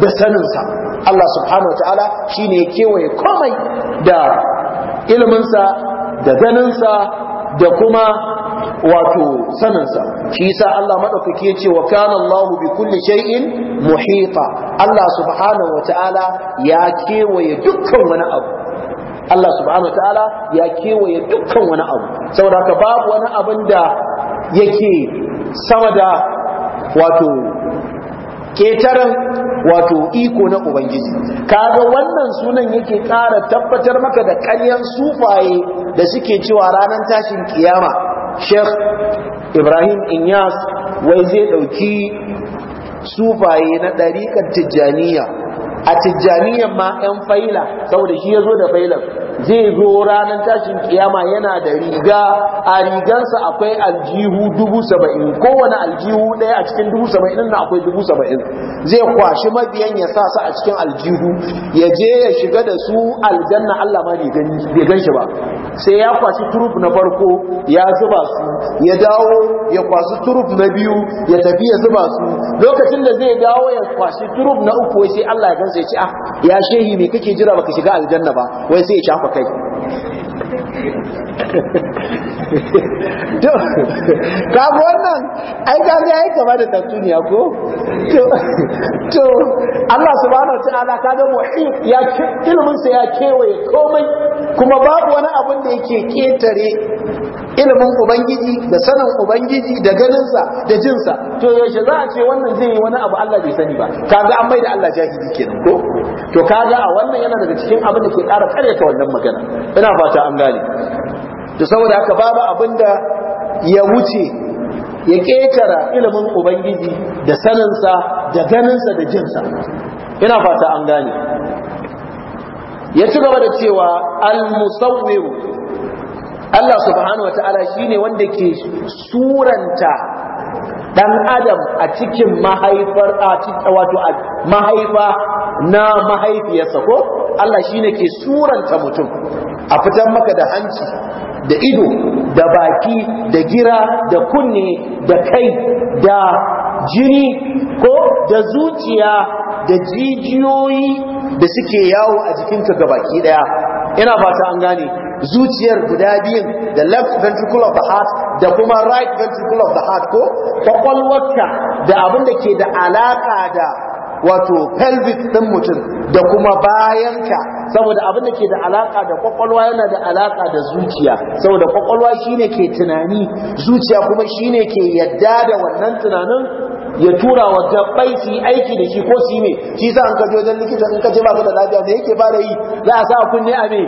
da saninsa Allah subhanahu wa ta'ala shi ne ya kewaye komai da iliminsa da ganinsa da kuma wato saninsa shi yasa Allah madaukake ya ce wa kana Allah bi kulli shay'in muhita Allah subhanahu wa ta'ala ya kewaye dukkan wani abu Allah subhanahu ta'ala ya kewaye dukkan wani abu saboda ka babu wani abin da yake sama da wato ketaren wato iko na ubangiji kaga wannan sunan yake ƙara tabbatar maka da ƙaryan sufaye da suke cewa ranar tashin kiyama sheikh ibrahim inyas wai zai ɗauki sufaye na ɗarikar tijjaniya a tijjaniyan ma yan faila saboda shi ya zo da failan zai zo ranar tashin kiyama yana da riga a rigansa akwai aljihu dubu saba'in kowane aljihu ɗaya a cikin dubu saba'in na akwai dubu saba'in zai kwashi mabiyan ya sa su a cikin aljihu ya je ya shiga da su aljanna Allah ma bai gan shi ba sai ya kwashi turuf na farko ya zuba su ya dawo ya kwashi turuf na biyu ya tafi ya zuba su lokacin da zai dawo ya kwashi turuf na uku sai Allah ya yaransa ya ce ah ya shehi me kake jira baka shiga aljanna ba wai sai ya shafa kai to kaga wannan ai kaga yi kama da tattuniya ko to Allah subhanahu wataala kaga muhit ya ilmin sa ya kewaye komai kuma babu wani abin da yake ketare ilmin ubangiji da sanin ubangiji da ganinsa da jinsa to yaushe za a ce wannan zai yi wani abu Allah bai sani ba kaga an mai da Allah jahili kenan ko to kaga a wannan yana daga cikin abin da ke ƙara kare ta wannan magana ina fata an gane to saboda haka babu abinda ya wuce ya ƙetara ilimin ubangiji da saninsa da ganinsa da jinsa ina fata an gane ya ci gaba da cewa al-musawwiru Allah subhanahu wataala shine wanda ke suranta dan adam a cikin mahaifar a wato mahaifa na mahaifiyarsa ko Allah shine ke suranta mutum a fitar maka da hanci da ido da baki da gira da kunne da kai da jini ko da zuciya da jijiyoyi da suke yawo a jikinka ga baki daya ina fata an gane zuciyar guda biyun da left ventricle of the heart da kuma right ventricle of the heart ko kwakwalwarka da abin da ke da alaka da wato pelvic ɗin mutum da kuma bayanka saboda abin da ke da alaka da kwakwalwa yana da alaka da zuciya saboda kwakwalwa shine ke tunani zuciya kuma shine ke yadda da wannan tunanin ya tura wa gabbai su yi aiki da shi ko su yi ne shi sa an ka je wajen likita in ka ce baka da lafiya da yake ba da yi za a sa kunne a me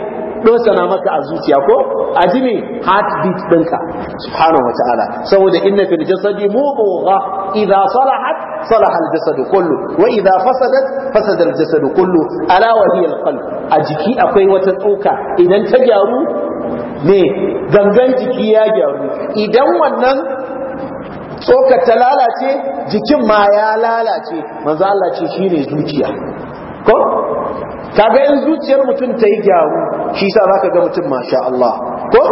sana maka a zuciya ko a ji me heartbeat ɗinka subhanahu wa ta'ala saboda inna fil jasadi mudugha idha salahat صلح الجسد كله واذا فسدت فسد الجسد كله الا وهي القلب wata أقوي Idan ta تجارو ne gangan jiki ya gyaru idan wannan tsokar ta lalace jikin ma ya lalace manzo Allah ce shine zuciya ko kaga in zuciyar mutum ta yi gyaru shi sa zaka ga mutum masha Allah ko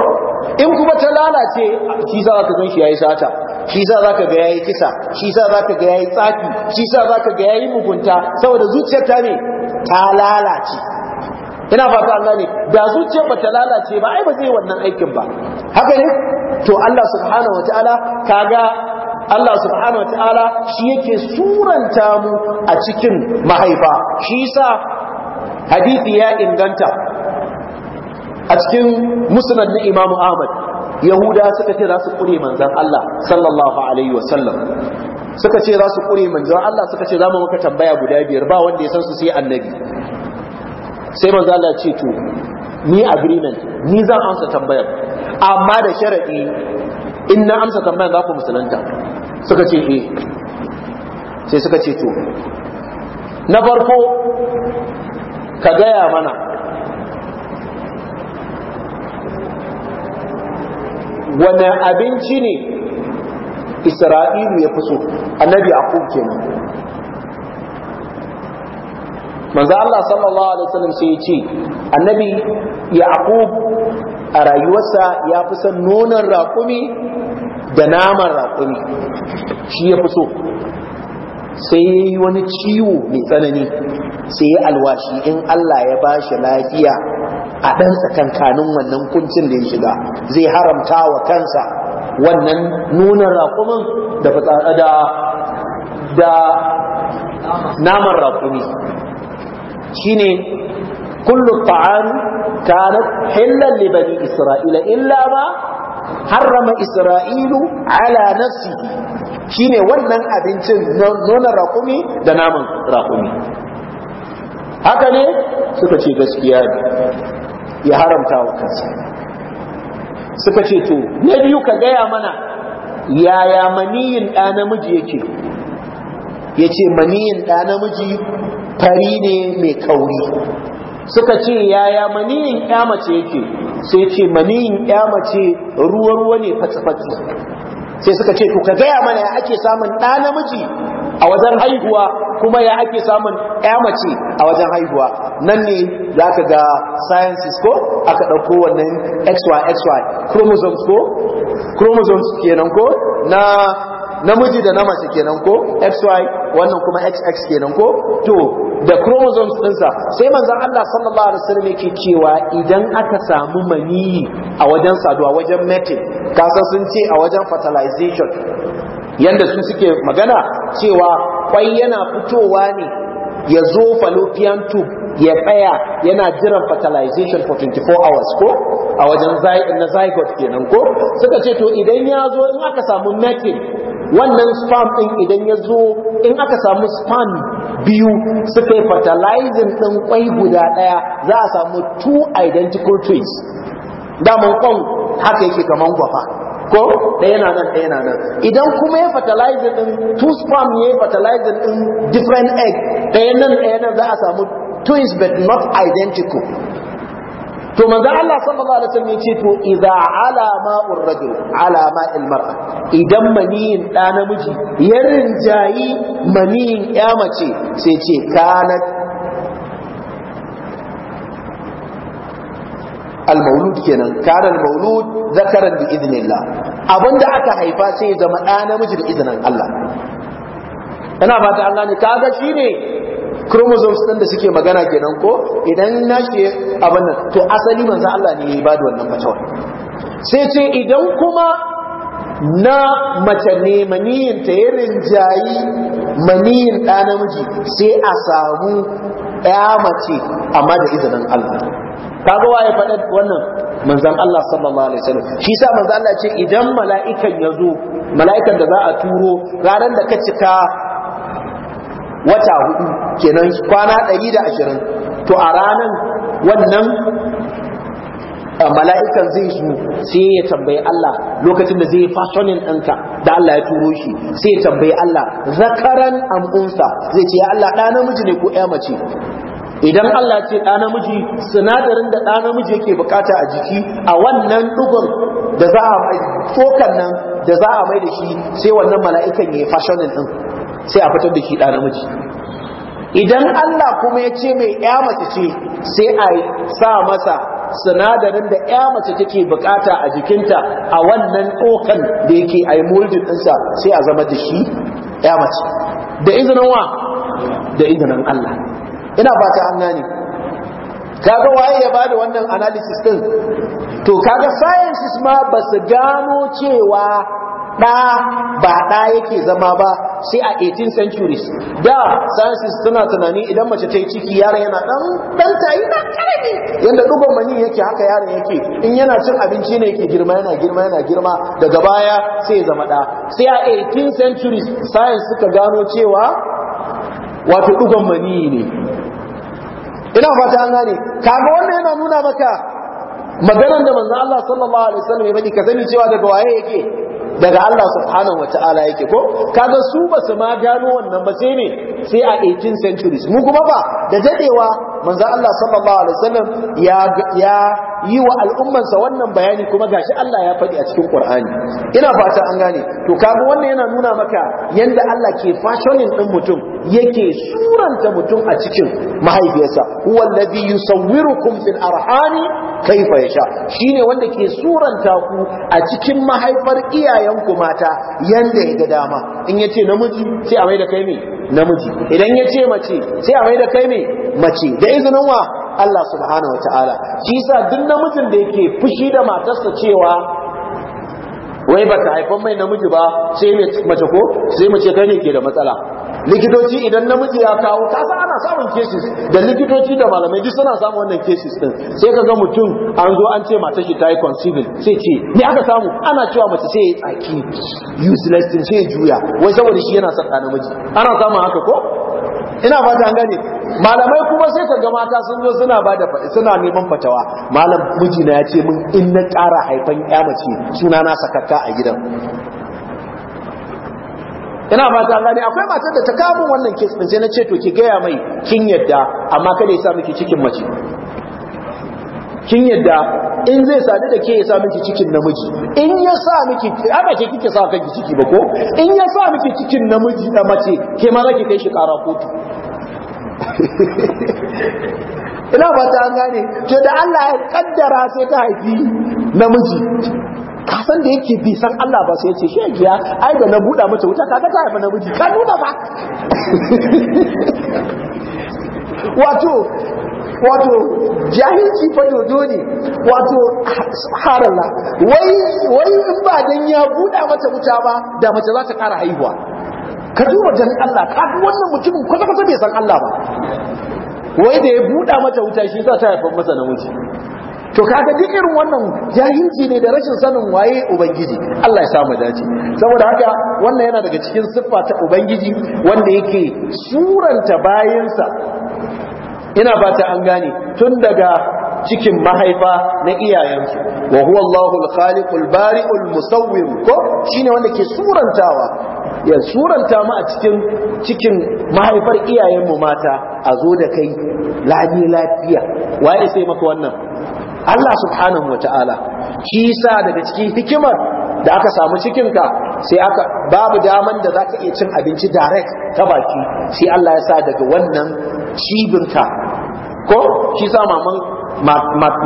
in kuma ta lalace shi sa zaka gan shi yayi sata shi sa zaka ga yayi kisa shi sa zaka ga yayi tsaki shi sa zaka ga yayi mugunta saboda zuciyar ta ne ta lalace ina fata Allah ne da zuciyar ba ta lalace ba ai ba zai wannan aikin ba haka ne to Allah subhanahu wataala kaga Allah subhanahu wataala shi yake suranta mu a cikin mahaifa shi sa hadisi ya inganta a cikin musnad na Imam Ahmad yahuda suka ce za su kure manzan Allah sallallahu alaihi wasallam suka ce za su kure manzan Allah suka ce za mu maka tambaya guda biyar ba wanda ya san su sai annabi sai manzan Allah ce to ni agreement ni zan amsa tambayar amma da sharadi in na amsa tambayar za ku musulunta suka ce eh sai suka ce to na farko ka gaya mana wani abinci ne isra'ilu ya fi so annabi kuke ne manzo Allah sallallahu alaihi wasallam sai ya ce annabi yaqub a rayuwarsa ya fi son nonon raƙumi da naman raƙumi shi ya fi so sai ya yi wani ciwo mai tsanani sai ya alwashi in Allah ya ba shi lafiya a ɗan tsakankanin wannan kuncin da ya shiga zai haramta wa kansa wannan nunan raƙumin da da da naman raƙumi shine kullu ta'an kana hillan li bani isra'ila illa ma harrama isra'ilu ala shi shine wannan abincin nonon raƙumi da naman raƙumi haka ne suka ce gaskiya ne ya haramta wa kansa suka ce to na biyu ka gaya mana yaya maniyin ɗa namiji yake ya ce maniyin ɗa namiji fari ne mai kauri suka ce yaya maniyin ya mace yake sai ce maniyin ya mace ruwa-ruwa ne fatsi-fatsi sai suka ce to ka gaya mana ya ake samun ɗa namiji a wajen haihuwa kuma ya ake samun ya mace a wajen haihuwa nan ne za ka ga sciences ko aka ɗauko wannan xyxy chromosomes ko chromosomes kenan ko na namiji da na mace kenan ko xy wannan kuma xx kenan ko to da chromosomes ɗinsa sai manzan Allah sallallahu alaihi wasallam yake cewa idan aka samu maniyi a wajen saduwa wajen mating kasan sun ce a wajen fertilization yanda su suke magana cewa kwai yana fitowa ne ya zo fallopian tube ya tsaya yana jiran fertilization for 24 hours ko a wajen na zygote kenan ko suka ce to idan ya zo in aka samu mating wannan sperm din idan ya zo in aka samu sperm biyu suka yi fertilizing din kwai guda daya za a samu two identical twins daman kwan haka yake kaman gwafa ko ɗaya na nan ɗaya na nan idan kuma ya fertilizer din two sperm ya fertilizer din different egg ɗaya nan ɗaya nan za a samu twins but not identical to manzo Allah sallallahu alaihi wasallam yace to idza ala ma'ur rajul ala ma'il mar'a idan maniyin da namiji ya rinjayi maniyin ya mace sai ce kanat al-maulud kenan kana al-maulud zakaran bi idnillah abinda aka haifa sai zama ɗa namiji da izinin Allah ina fata an gane kaga shine chromosomes din da suke magana kenan ko idan nashi abin nan to asali manzo Allah ne ya bada wannan fatawar sai ce idan kuma na mace ne maniyin ta yi rinjayi maniyin ɗa namiji sai a samu ya mace amma da izinin Allah kaga waye faɗa wannan manzon Allah sallallahu alaihi wasallam shi sa manzon Allah ce idan mala'ikan ya mala'ikan da za a turo ranar da ka cika wata hudu kenan kwana 120 to a ranan wannan mala'ikan zai su sai ya tambayi Allah lokacin da zai yi fasonin ɗanka da Allah ya turo shi sai ya tambayi Allah zakaran amunsa zai ce Allah ɗa namiji ne ko ƴa mace idan Allah ce ɗa namiji sinadarin da ɗa namiji yake bukata a jiki a wannan ɗugun da za a mai tsokan nan da za a mai da shi sai wannan mala'ikan ya yi fashonin ɗin sai a fitar da shi ɗa namiji idan Allah kuma ya ce mai ƴa mace ce sai a sa masa sinadarin da ya mace take bukata a jikinta a wannan okan da yake a yi moldin ɗinsa sai a zama da shi ya mace da izinin wa da izinin Allah ina ta an ne kaga waye ya bada wannan analysis ɗin? to kaga sciences ma ba su gano cewa ɗa ba ɗa yake zama ba sai a 18 centuries da sciences suna tunani idan mace ta yi ciki yaron yana ɗan ɗan tayi na ƙarami yadda ɗugon mani yake haka yaron yake in yana cin abinci ne yake girma yana girma yana girma daga baya sai zama ɗa sai a 18 centuries science suka gano cewa wato ɗugon mani ne ina fata an gane kaga wannan yana nuna maka maganar da manzo Allah sallallahu alaihi wasallam ya faɗi ka sani cewa daga waye yake daga Allah subhanahu wata'ala yake ko kaga su ba su ma gano wannan ba sai ne sai a 18 th century mu kuma ba da dadewa manzo Allah sallallahu alaihi wasallam ya ya yi wa al'ummansa wannan bayani kuma gashi Allah ya faɗi a cikin Qur'ani ina fata an gane to kaga wannan yana nuna maka yanda Allah ke fashioning din mutum yake suranta mutum a cikin mahaifiyarsa wallazi yusawwirukum fil arhani kaifa yasha shine wanda ke suranta ku a cikin mahaifar iyayenku mata yanda ya ga dama in yace namiji sai a mai da kai ne namiji idan yace mace sai a mai da kai ne mace da izinin wa Allah subhanahu wataala shi duk namijin da yake fushi da matarsa cewa wai ba ta haifan mai namiji ba sai mace ko sai mace kai ne ke da matsala likitoci idan namiji ya kawo sa ana samun kesis, da likitoci da malamai duk suna samun wannan kesis. din sai kaga mutum an zo an ce mata shi ta yi conceiving sai ce ni aka samu ana cewa mace sai ya tsaki useless din sai juya wai saboda shi yana na namiji ana samun haka ko ina fata an gane malamai kuma sai ka ga mata sun zo suna ba da suna neman fatawa malam mijina ya ce min in na ƙara haifan ya mace suna na sakakka a gidan ina ta gane akwai matar da ta kawo wannan kes din sai na ce to ki gaya mai kin yadda amma kada ya sa miki cikin mace kin yadda in zai sadu da ke ya sa miki cikin namiji in ya sa miki amma ke kike sa kanki ciki ba ko in ya sa miki cikin namiji da mace ke ma zaki kai shi kara kotu ina ba ta gane to da Allah ya kaddara sai ta haifi namiji Kasan da yake bi san Allah ba sai ya ce shi ya ai da na buɗa mata wuta kaga ta haifa namiji ka nuna ba wato wato jahilci fa dodo ne wato subhanallah wai wai in ba dan ya buɗa mata wuta ba da mace za ta ƙara haihuwa ka duba dan Allah ka wannan mutumin kwata kwata bai san Allah ba wai da ya buɗa mata wuta shi za ta haifar masa namiji to kaga duk irin wannan jahilci ne da rashin sanin waye ubangiji Allah ya samu dace saboda haka wannan yana daga cikin siffa ta ubangiji wanda yake suranta bayansa ina ba ta an gane tun daga cikin mahaifa na iyayensu wa huwa Allahul khaliqul bari'ul musawwir ko shine wanda ke surantawa ya suranta mu a cikin cikin mahaifar iyayenmu mata a zo da kai lafiya lafiya waye sai maka wannan Allah subhanahu wataala shi sa daga cikin hikimar da aka samu cikinka sai aka babu daman da zaka iya cin abinci direct ta baki sai Allah ya sa daga wannan cibinka ko shi maman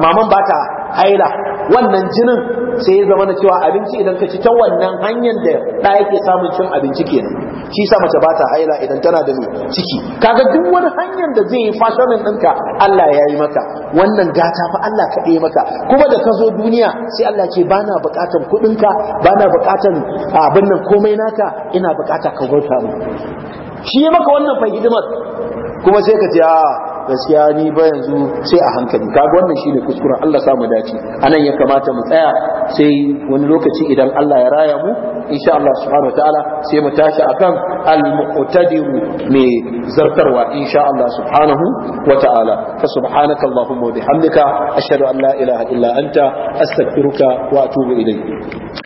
maman bata haila wannan jinin sai ya zama na cewa abinci idan ka ci ta wannan hanyar da ɗaya yake samun cin abinci kenan shi sa mace ba ta haila idan tana da ciki kaga duk wani hanyar da zai yi fashonin ɗinka Allah ya yi maka wannan gata fa Allah ɗaya maka kuma da ka zo duniya sai Allah ce ba na buƙatar kuɗinka ba na buƙatar abin nan komai naka ina buƙata ka bauta mu shi ya maka wannan fa kuma sai ka ce a ah, gaskiya ni ba yanzu sai a hankali kaga wannan shine kuskuren Allah samu dace anan ya kamata mu tsaya sai wani lokaci idan Allah ya raya mu insha Allah subhanahu wataala sai mu tashi akan al-muqtadir mai zartarwa insha Allah subhanahu wataala fa subhanaka allahumma wa bihamdika ashhadu an la ilaha illa anta astaghfiruka wa atubu ilayk